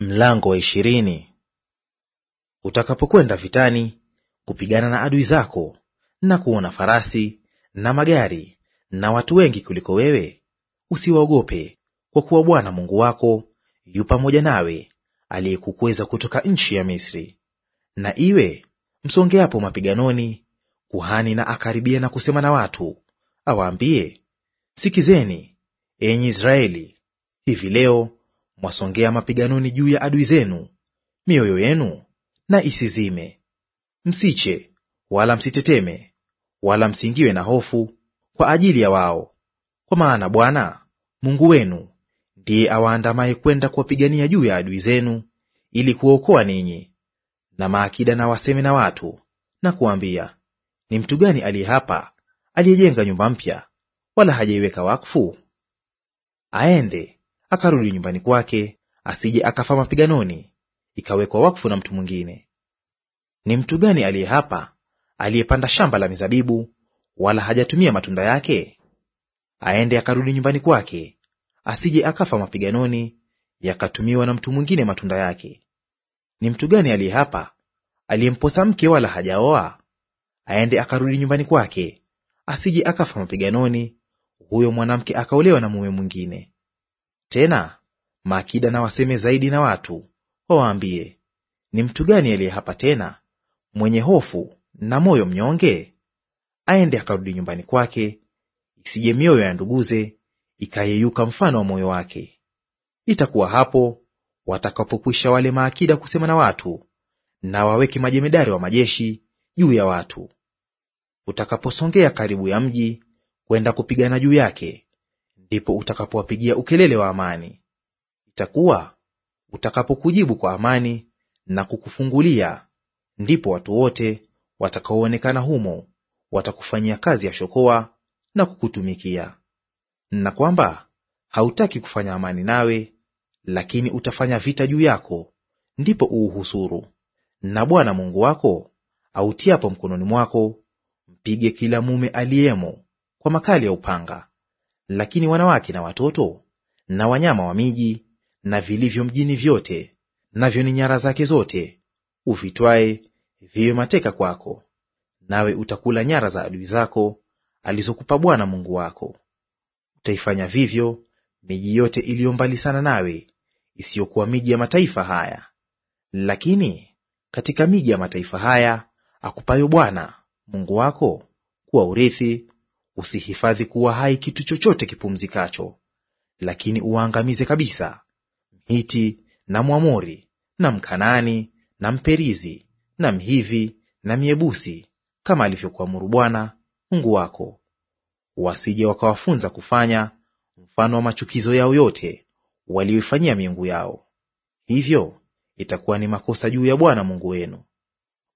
Mlango wa ishirini. Utakapokwenda vitani kupigana na adui zako na kuona farasi na magari na watu wengi kuliko wewe, usiwaogope, kwa kuwa Bwana Mungu wako yu pamoja nawe, aliyekukweza kutoka nchi ya Misri. Na iwe msongeapo mapiganoni, kuhani na akaribia na kusema na watu, awaambie, sikizeni enyi Israeli, hivi leo mwasongea mapiganoni juu ya adui zenu; mioyo yenu na isizime. Msiche wala msiteteme, wala msingiwe na hofu kwa ajili ya wao, kwa maana Bwana Mungu wenu ndiye awaandamaye kwenda kuwapigania juu ya adui zenu, ili kuwaokoa ninyi. Na maakida na waseme na watu na kuambia, ni mtu gani aliye hapa aliyejenga nyumba mpya, wala hajaiweka wakfu? Aende akarudi nyumbani kwake, asije akafa mapiganoni, ikawekwa wakfu na mtu mwingine. Ni mtu gani aliye hapa aliyepanda shamba la mizabibu, wala hajatumia matunda yake? Aende akarudi nyumbani kwake, asije akafa mapiganoni, yakatumiwa na mtu mwingine matunda yake. Ni mtu gani aliye hapa aliyemposa mke, wala hajaoa? Aende akarudi nyumbani kwake, asije akafa mapiganoni, huyo mwanamke akaolewa na mume mwingine. Tena maakida na waseme zaidi na watu, wawaambie, ni mtu gani aliye hapa tena mwenye hofu na moyo mnyonge? Aende akarudi nyumbani kwake, isije mioyo ya nduguze ikayeyuka mfano wa moyo wake. Itakuwa hapo watakapokwisha wale maakida kusema na watu, na waweke majemedari wa majeshi juu ya watu. Utakaposongea karibu ya mji kwenda kupigana juu yake, ndipo utakapowapigia ukelele wa amani. Itakuwa utakapokujibu kwa amani na kukufungulia, ndipo watu wote watakaoonekana humo watakufanyia kazi ya shokoa na kukutumikia. Na kwamba hautaki kufanya amani nawe, lakini utafanya vita juu yako, ndipo uuhusuru. Na Bwana Mungu wako autiapo mkononi mwako, mpige kila mume aliyemo kwa makali ya upanga, lakini wanawake na watoto na wanyama wa miji na vilivyo mjini vyote, navyo ni nyara zake zote, uvitwae viwe mateka kwako, nawe utakula nyara za adui zako alizokupa Bwana Mungu wako. Utaifanya vivyo miji yote iliyo mbali sana nawe, isiyokuwa miji ya mataifa haya. Lakini katika miji ya mataifa haya akupayo Bwana Mungu wako kuwa urithi, Usihifadhi kuwa hai kitu chochote kipumzikacho, lakini uwaangamize kabisa Mhiti na Mwamori na mkanani na Mperizi na Mhivi na Myebusi, kama alivyokuamuru Bwana Mungu wako, wasije wakawafunza kufanya mfano wa machukizo yao yote walioifanyia miungu yao; hivyo itakuwa ni makosa juu ya Bwana Mungu wenu.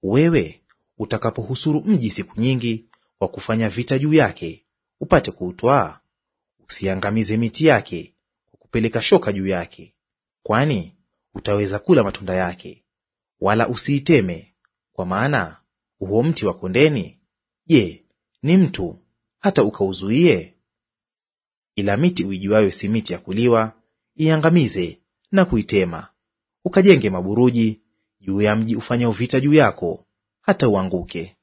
Wewe utakapohusuru mji siku nyingi wa kufanya vita juu yake upate kuutwaa, usiangamize miti yake kwa kupeleka shoka juu yake, kwani utaweza kula matunda yake. Wala usiiteme, kwa maana huo mti wa kondeni, je, ni mtu hata ukauzuie? Ila miti uijuayo si miti ya kuliwa, iangamize na kuitema. Ukajenge maburuji juu ya mji ufanyao vita juu yako, hata uanguke.